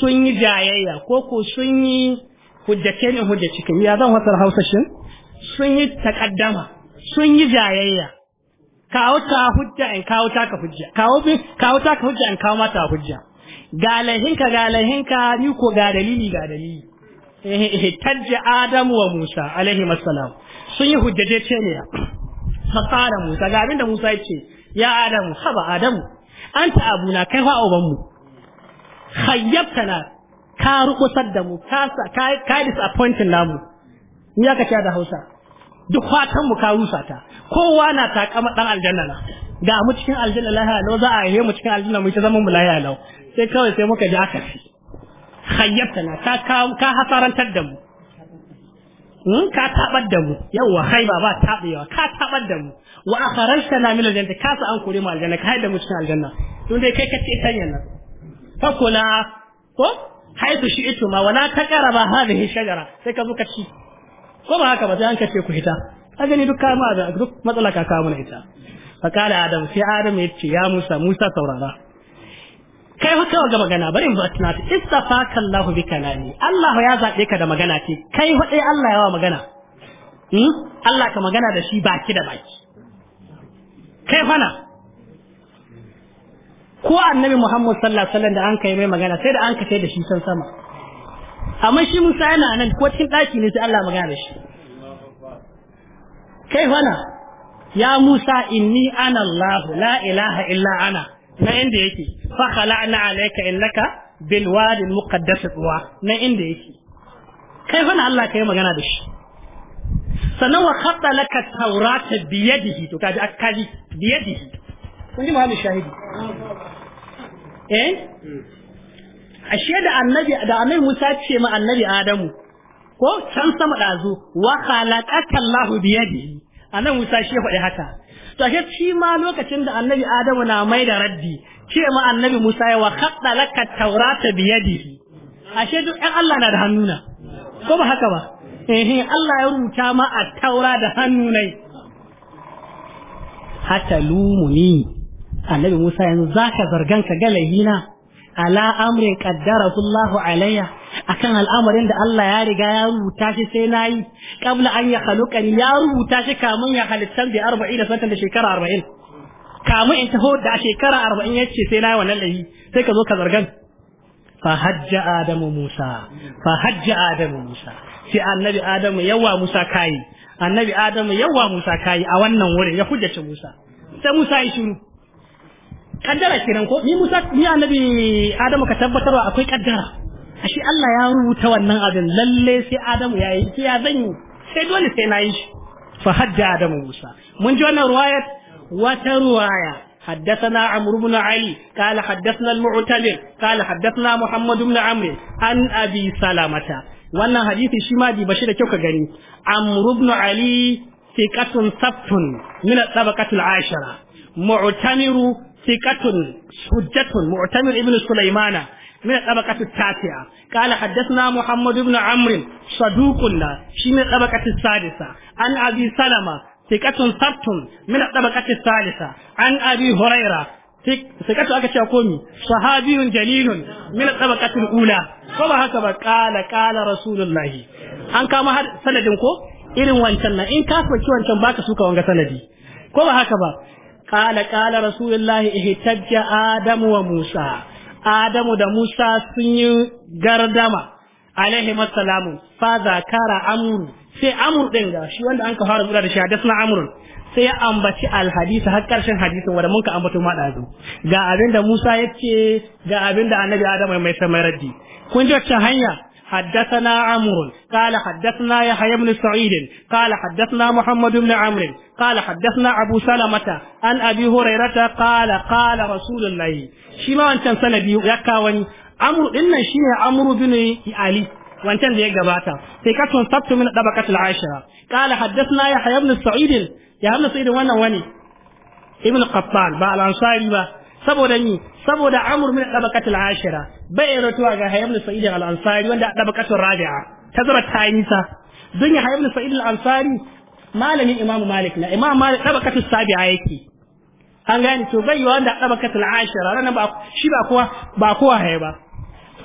sun yi jayayya ko ko sun yi hujjace ne hujjace kan ya zan wasar Hausa shin sun yi takaddama sun yi jayayya kawo ta hujja in kawo ta ka hujja kawo bi kawo ta ka hujja in kawo mata hujja ga galahinka ga ni ko ga dalili ga dalili eh, eh, eh tajja Adamu wa Musa alaihi assalam sun yi hujjace ne ya Musa ga abinda Musa ya ce ya Adamu haba Adamu anta abuna kai fa uban mu khayyabtana ka rukusar da mu ka ka disappointing namu ni aka ce da Hausa duk fatan mu ka rusa ta kowa na takama dan aljanna na ga mu cikin aljanna lahiya lau za a yi mu cikin aljanna mu ita zama mu lahiya lau sai kawai sai muka ji aka fi khayyabtana ka ka hasarantar da mu hmm, ka tabar da mu yawwa haiba ba tabewa ka tabar da mu wa akharajtana min aljanna ka sa an kore mu aljanna ka haida mu cikin aljanna to dai kai kace kan yanna fa kula ko haitu shi ito ma wala taqraba hadhihi shajara sai ka buka ci ko ba haka ba sai an kace ku hita A gani duk kama da duk matsala ka kawo mana ita fa kala adam sai adam ya ce ya musa musa saurara kai fa kawai ga magana bari mu tuna ta istafaka Allah bi kalami Allah ya zabe ka da magana ce kai fa dai Allah ya wa magana hmm? Allah ka magana da shi baki da baki kai fana ko annabi Muhammad sallallahu alaihi wasallam da an kai mai magana sai da an ka kai da shi san sama amma shi Musa yana nan ko cikin daki ne sai Allah magana da shi kai fana ya Musa inni ana Allah la ilaha illa ana na inda yake fa khala'na alayka innaka bil wadi al muqaddas tuwa na inda yake kai fana Allah kai magana da shi sannan wa khatta laka taurata biyadihi to kaji akali biyadihi kun ji muhammad shahidi eh ashe da annabi da annabi Musa ce ma annabi Adamu ko can sama dazu wa khalaqaka Allah biyadihi annabi Musa shi faɗi haka to ashe shi ma lokacin da annabi Adamu na mai da raddi ce ma annabi Musa ya wa khatta laka taurata biyadihi ashe duk ɗan Allah na da hannuna ko ba haka ba eh Allah ya rubuta ma a taura da hannu nai hatta lumuni annabi Musa yanzu zaka zargan ka galahina ala amrin qaddarahu Allahu alayya akan al'amarin da Allah ya riga ya rubuta shi sai nayi kabla an ya khalukani ya rubuta shi kamun ya halittan bi 40 sanatan da shekara 40 kamun in taho da shekara 40 yace sai nayi wannan lahi sai ka zo ka zargan fa hajja adamu Musa fa hajja adamu Musa sai annabi adamu yawa musa kayi annabi adamu yawa musa kayi a wannan wurin ya hujjace musa sai musa ya shiru kaddara kiran ko ni musa ni annabi adamu ka tabbatarwa akwai kaddara ashe Allah ya rubuta wannan abin lalle sai adamu ya yi sai ya zanyi sai dole sai na yi shi fa hajja adamu musa mun ji wannan ruwayat wata ruwaya حدثنا عمرو بن علي قال حدثنا المعتمر قال حدثنا محمد بن عمرو عن ابي سلامه wannan hadisi shi ma diba shi da kyau ka gani amr ibn ali thiqatun sabtun min at-tabaqatil ashara mu'tamiru thiqatun hujjatun mu'tamir ibn sulaymana من الطبقة التاسعة قال حدثنا محمد بن عمرو صدوقنا شي من الطبقة السادسة عن أبي سلمة ثقة ثبت من الطبقة الثالثة عن أبي هريرة Sai sakatu aka cewa komi sahabiyun jalilun min tabaqatil ula ko ba haka ba kala kala rasulullahi an kama sanadin ko irin wancan na in ka saki wancan baka suka wanga sanadi ko ba haka ba kala kala rasulullahi ihtajja adamu wa musa adamu da musa sun yi gardama alaihi assalamu fa zakara amru sai amru din ga shi wanda an ka fara zura da shi sunan amrun sai ya ambaci alhadisi har karshen hadisin wanda mun ka ambato ma ga abin da Musa yake ga abin da Annabi Adam mai mai raddi kun ji wacce hanya حدثنا عمرو قال حدثنا يحيى بن سعيد قال حدثنا محمد بن عمرو قال حدثنا أبو سلمة عن kala, هريرة قال قال رسول الله شما أنت سنة يكاوني عمرو إن شيء عمرو بن علي wancan da ya gabata sai ka sabtu min dabaqatil ashira qala haddathna yahya ibn sa'id yahya ibn sa'id wannan wani ibn qattan ba al-ansari ba saboda ni saboda amur min dabaqatil ashira bai rotuwa ga yahya ibn sa'id al-ansari wanda dabaqatul rabi'a tazara ta yi sa don yahya ibn sa'id al-ansari malamin Imam malik na imam malik dabaqatul sabi'a yake an gani to bai wanda dabaqatul ashira ranan ba shi ba kowa ba kowa hay ba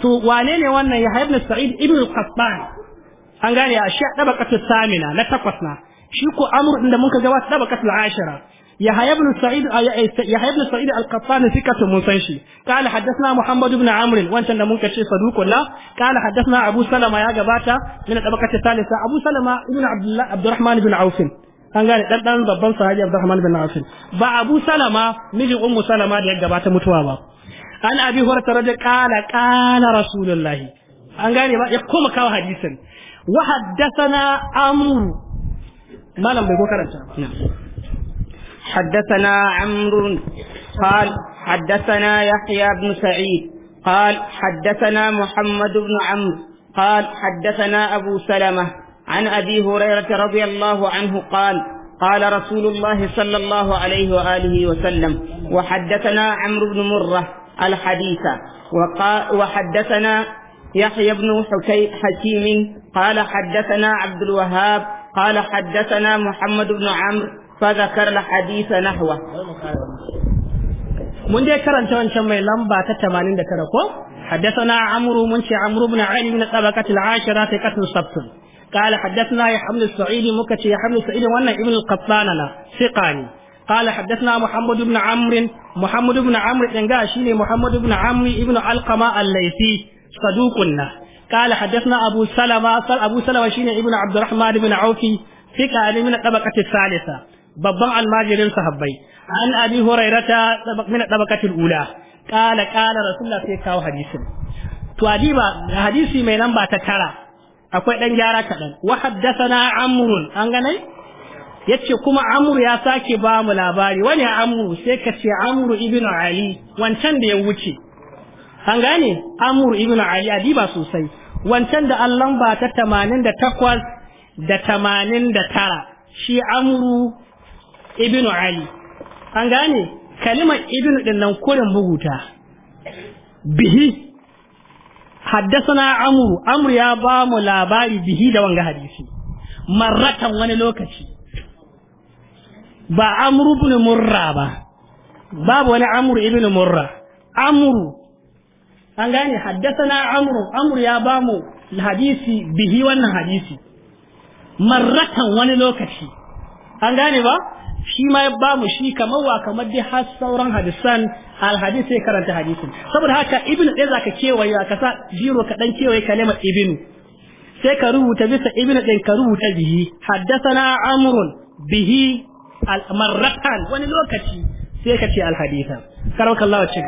to wane ne wannan ya ibn sa'id ibn al qattan an gane a sha dabaqatu samina na takwas na shi ko amr din da muka gabata dabaqatu al ashara ya ibn sa'id ya ibn sa'id al-qasban fikatu mun san shi kana haddathna muhammad ibn amr wancan da muka ce saduqun la kana haddathna abu salama ya gabata min dabaqatu thalitha abu salama ibn abdullah abdurrahman ibn auf an gane dan dan babban sahabi abdurrahman ibn auf ba abu salama miji ummu salama da ya gabata mutuwa ba an abi hurata rada qala قال rasulullahi an gane ba ya koma kawo hadisin wa haddathana amru malam bai go karanta ba حدثنا عمرو قال حدثنا يحيى بن سعيد قال حدثنا محمد بن عمرو قال حدثنا أبو سلمة عن أبي هريرة رضي الله عنه قال قال رسول الله صلى الله عليه وآله وسلم وحدثنا عمرو بن مرة الحديث وحدثنا يحيى بن حكيم قال حدثنا عبد الوهاب قال حدثنا محمد بن عمرو فذكر الحديث نحوه mun dai karanta wancan mai lamba ta 89 ko حدثنا عمرو منشي عمرو بن علي من الطبقة العاشرة في قتل السبت قال حدثنا يا حمل السعيد مكتي يا حمل السعيد وانا ابن القطان ثقاني قال حدثنا محمد بن عمرو محمد بن عمرو دنگا شيني محمد بن عمرو ابن القمة الليثي صدوقنا قال حدثنا أبو سلمة أبو سلمة شيني ابن عبد الرحمن بن عوف ثقة من الطبقة الثالثة babban almajirin sahabbai an abi hurairata min tabaqatil ula qala qala rasulullah sai kawo hadisin to hadisi mai lamba ta tara akwai ɗan gyara kadan wa haddathana amrun an ganai yace kuma amru ya sake ba mu labari wani amru sai ka ce amru ibn ali wancan da ya wuce an gane amru ibn ali adi ba sosai wancan da allan ba ta 88 da 89 shi amru ibn ali an gane kalimar ibn din nan kurin buguta bihi haddasana amru amru ya ba mu labari bihi da wanga hadisi marratan wani lokaci ba amru ibn murra ba babu wani amru ibn murra amru an gane haddasana amru amru ya bamu hadisi bihi wannan hadisi marratan wani lokaci an gane ba shi ma ya bamu shi kamar wa kamar dai har sauran hadisan alhadisi ya karanta hadisin saboda haka ibnu ɗaya zaka kewaye ka sa jiro ka dan kewaye kalimar ibnu sai ka rubuta bisa ibnu ɗin ka rubuta bihi haddasana amrun bihi Marrakan wani lokaci sai ka ce alhadisa karauka Allah ce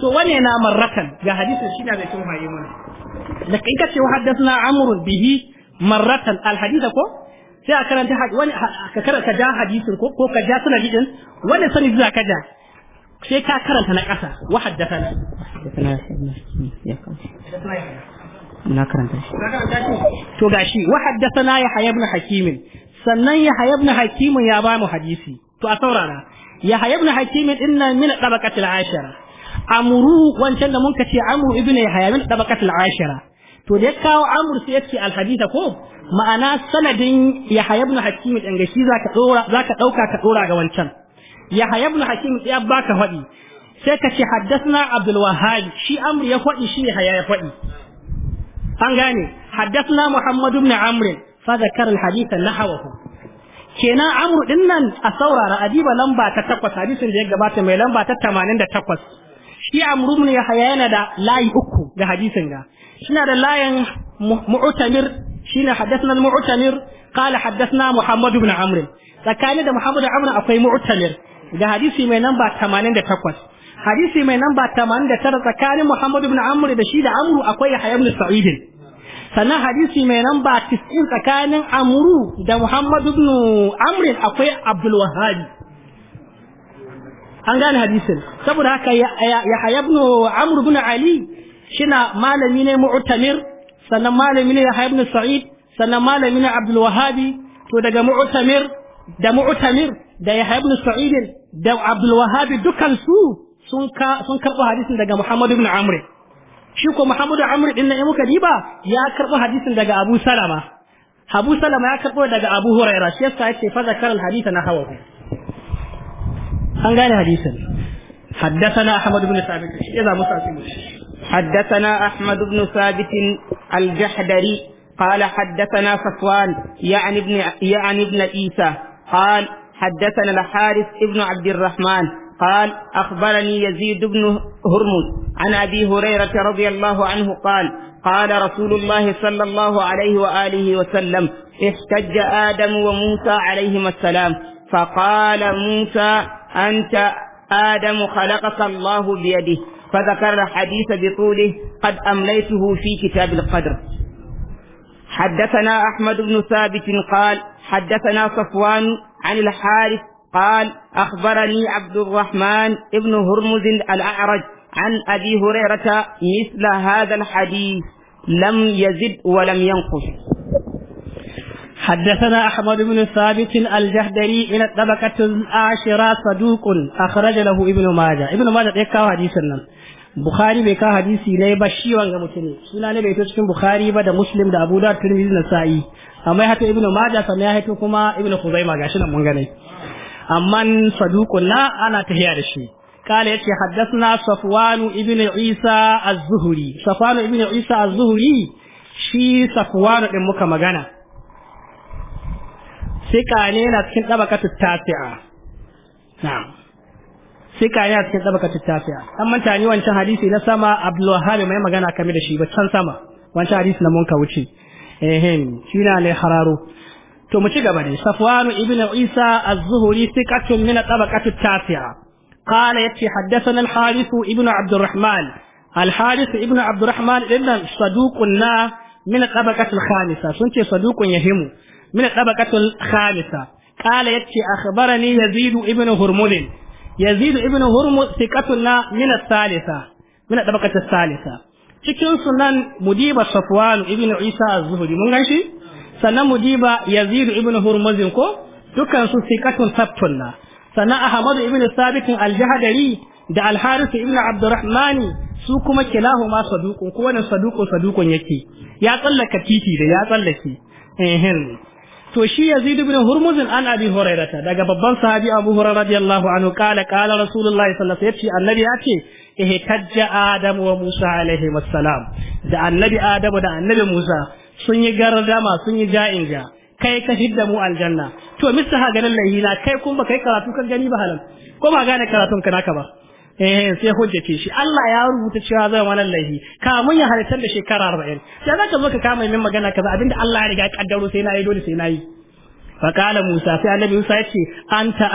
to wane na marratan ga hadisin shi na da kin haye mana da kai ka ce wa haddathna amrun bihi marratan alhadisa ko sai a karanta wani ka karanta ja hadisin ko ko ka ja sanadi din wani sanadi za ka ja sai ka karanta na ƙasa wa haddathana na karanta shi to gashi wa haddathana ya hayy ibn hakim sannan Yahya ibn Hakim ya ba mu hadisi to a saurara Yahya ibn Hakim din nan min tabaqatil ashara amru wancan da mun kace amru ibn Yahya min tabaqatil ashara to da kawo amru sai yake al haditha ko ma'ana sanadin Yahya ibn Hakim din ga shi zaka dora zaka dauka ka dora ga wancan Yahya ibn Hakim ya baka fadi sai ka ce haddasna Abdul Wahhab shi amru ya fadi shi Yahya ya fadi an gane Haddasna Muhammad ibn Amr fa zakara alhaditha nahawahu kenan amru din nan a saurara adiba lamba ta takwas hadisin da ya gabata mai lamba ta tamanin da takwas. shi amru mun yahya yana da layi uku ga hadisin ga shina da layin mu'tamir shine hadathna al-mu'tamir qala hadathna muhammad ibn amr tsakani da muhammad ibn amr akwai mu'tamir ga hadisi mai lamba tamanin da takwas. hadisi mai lamba tamanin da tara tsakanin muhammad ibn amr da shi da amru akwai yahya sa'idin. sannan hadisi mai nan ba tis'in tsakanin amru da muhammadu ibn amrin akwai abdul wahabi an gane hadisin saboda haka ya hayabnu amr ibn ali shina malami ne mu'tamir sannan malami ne ya hayabnu sa'id sannan malami ne abdul wahabi to daga mu'tamir da mu'tamir da ya hayabnu sa'id da abdul wahabi dukan sun karɓi sun hadisin daga Muhammadu ibn amr shi ko Muhammadu Amr din nan muka diba ya karbo hadisin daga Abu Salama Abu Salama ya karbo daga Abu Huraira shi yasa yace fa zakara al-hadith na hawa an gane hadisin حدثنا أحمد بن ثابت إذا حدثنا أحمد بن ثابت الجحدري قال حدثنا صفوان يعني ابن يعني ابن عيسى قال حدثنا الحارث ابن عبد الرحمن قال أخبرني يزيد بن هرمز عن أبي هريرة رضي الله عنه قال قال رسول الله صلى الله عليه وآله وسلم احتج آدم وموسى عليهما السلام فقال موسى أنت آدم خلقك الله بيده فذكر الحديث بطوله قد أمليته في كتاب القدر حدثنا أحمد بن ثابت قال حدثنا صفوان عن الحارث قال أخبرني عبد الرحمن ابن هرمز الأعرج عن أبي هريرة مثل هذا الحديث لم يزد ولم ينقص حدثنا أحمد بن ثابت الجهدري إلى الطبقة العاشرة صدوق أخرج له ابن ماجه ابن ماجه يكاو حديثنا Bukhari bai kawo hadisi ne ba shi wanga suna ne cikin Bukhari ba da Muslim da Abu Dawud Tirmidhi da Sa'i amma ya hato Ibn Majah sannan ya kuma Ibn Khuzaimah gashi nan mun gane amma sadukun na ana tahiya da shi قال يتي حدثنا صفوان ابن عيسى الزهري صفوان ابن عيسى الزهري شي صفوان din muka magana sika ne na cikin tabakatu tasi'a na'am sika ne na cikin tabakatu tasi'a an manta ni wancan hadisi na sama Abdul Wahhab mai magana kame da shi ba can sama wancan hadisi na mun ka wuce eh shi na ne hararo to mu ci gaba dai safwan ibn isa az-zuhri قال يتي حدثنا الحارث ابن عبد الرحمن الحارث ابن عبد الرحمن ابن صدوقنا من الطبقة الخامسة سنتي صدوق يهم من الطبقة الخامسة قال يتي أخبرني يزيد ابن هرمز يزيد ابن هرمز ثقتنا من الثالثة من الطبقة الثالثة cikin sunan mudiba safwan ibn isa az-zuhri mun sannan mu diba yazid ibn hurmuzin ko dukan su siqatun sabtun na sannan ahmad ibn sabit da Alharisu ibn abdurrahman su kuma kilahu ma saduqun ko wannan saduqun saduqun yake ya tsallaka titi da ya tsallake ehin to shi yazid ibn hurmuzin an abi hurairata daga babban sahabi abu hurairah radiyallahu anhu kala kala rasulullah sallallahu alaihi wasallam annabi ya ce ihtajja adam wa musa alaihi wassalam da annabi adam da annabi musa sun yi gardama sun yi ja'in ja kai ka hidda mu aljanna to mista ha ganin na kai kun ba kai karatu kan gani ba halal ko ba gane karatun ka naka ba eh sai hujjace shi Allah ya rubuta cewa zai wannan laihi kamun ya halittar da shekara 40 sai zaka zo ka kama min magana kaza abinda Allah ya riga kaddaro sai nayi dole sai nayi fa kala Musa sai Annabi Musa ya ce anta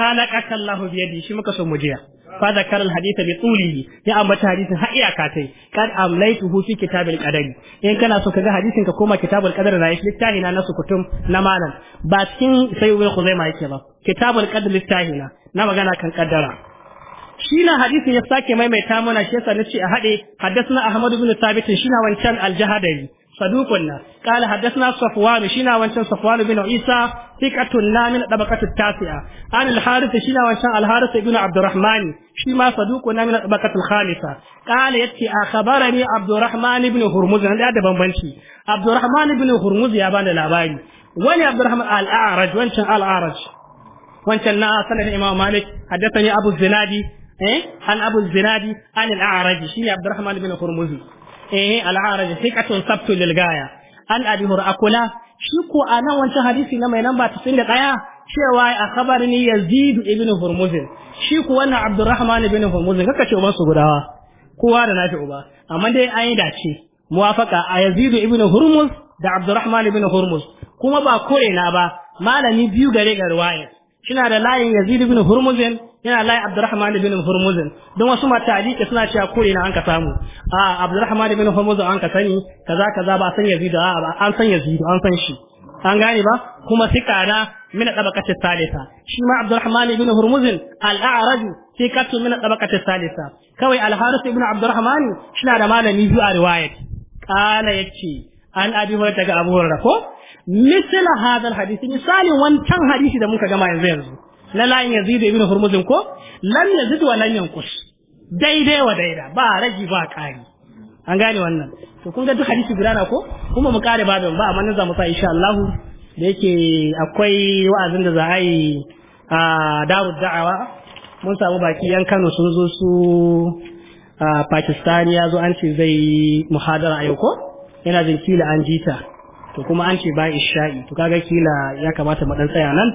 kana qatallahu bi yadi shi muka so mujiya fa zakar al hadith bi tulihi ya ambata hadisin har iyaka tai kad amlaituhu fi kitabil qadari in kana so kaga hadisin ka koma kitabul qadar na littafi na nasu kutum na malam ba cikin sai ma khuzaima yake ba kitabul qadar littafi na na magana kan kaddara shi na hadisin ya sake maimaita mana shi yasa nace a hade haddathna ahmad ibn thabit shi na wancan al jahadari صدوق قال حدثنا صفوان شينا وانشان صفوان بن عيسى ثقة لا من الطبقة التاسعة عن الحارث شينا وانشان الحارث بن عبد الرحمن شيما صدوق لا من الطبقة الخامسة قال يتي أخبرني عبد الرحمن بن هرمز هذا بنبنشي عبد الرحمن بن هرمز يا بان الأباني ولي عبد الرحمن الأعرج وانشان الأعرج وانشان سنة الإمام مالك حدثني أبو الزنادي إيه؟ عن أبو الزنادي عن الأعرج شيني عبد الرحمن بن هرمز eh al-araj thiqatun sabtu lil gaya an abi hurakula shi ko anan wancan hadisi na mai namba 91 cewa a khabarni yazid ibn hurmuz shi ko wannan abdurrahman ibn hurmuz kaka ce masu gudawa kowa da nafi uba amma dai an yi dace muwafaka a yazid ibn hurmuz da abdurrahman ibn hurmuz kuma ba kore ba malami biyu gare ga riwayar shina da layin Yazid ibn Hurmuzin yana layin Abdurrahman ibn Hurmuzin don wasu matalike suna cewa kore na an ka samu a Abdurrahman ibn Hurmuzin an ka sani kaza kaza ba san Yazid a an san Yazid an san shi an gane ba kuma sika na min tabaqati salisa shi ma Abdurrahman ibn Hurmuzin al-A'raj sikatu min tabaqati salisa kawai al-Harith ibn Abdurrahman na da malami biyu a riwayat kana yace an abi hurairah daga Abu Hurairah ko misal hadal hadisi misalin wancan hadisi da muka gama yanzu yanzu na layin yazid ibn hurmuzin ko lam yazid wa lam yanqus daidai wa daida ba ragi ba kari an gane wannan to kun ga duk hadisi guda na ko kuma mu kare babin ba amma nan za mu sa insha Allah da yake akwai wa'azin da za a yi a daru da'awa mun samu baki yan Kano sun zo su a Pakistan ya zo an ce zai muhadara a yau ko yana jin kila an jita to kuma an ce ba isha'i to kaga kila ya kamata mu dan tsaya nan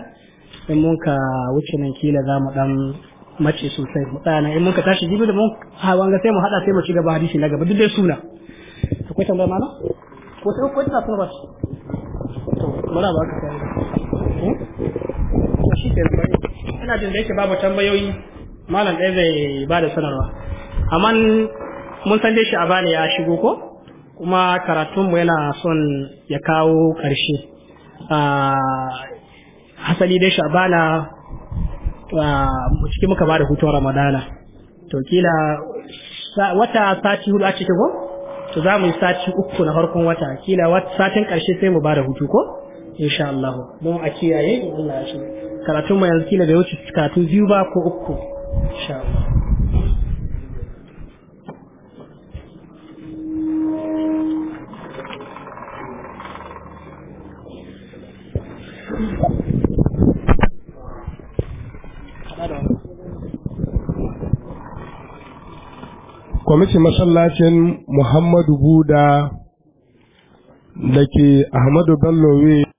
in mun ka wuce nan kila za mu dan mace sosai mu tsaya nan in mun ka tashi jibi da mun ha wanga sai mu hada sai mu ci gaba hadisi na gaba duk dai suna akwai tambaya mana ko sai ko tana sun ba to mara ba ka sai eh? shi ke ina jin da yake babu tambayoyi malam ɗaya zai ba da sanarwa amma mun san dai shi a bani ya shigo ko kuma karatunmu yana son ya kawo ƙarshe hasali dai shabana cikin muka ba da hutun ramadana to kila wata sati hudu a cikin ko to za mu yi sati uku na farkon wata kila satin ƙarshe sai mu ba da hutu ko insha Allah don a kiyaye Allah ya shi karatun mu yanzu kila bai wuce karatun biyu ba ko uku insha Allah kwamitin masallacin muhammadu buda da ke ahmadu bello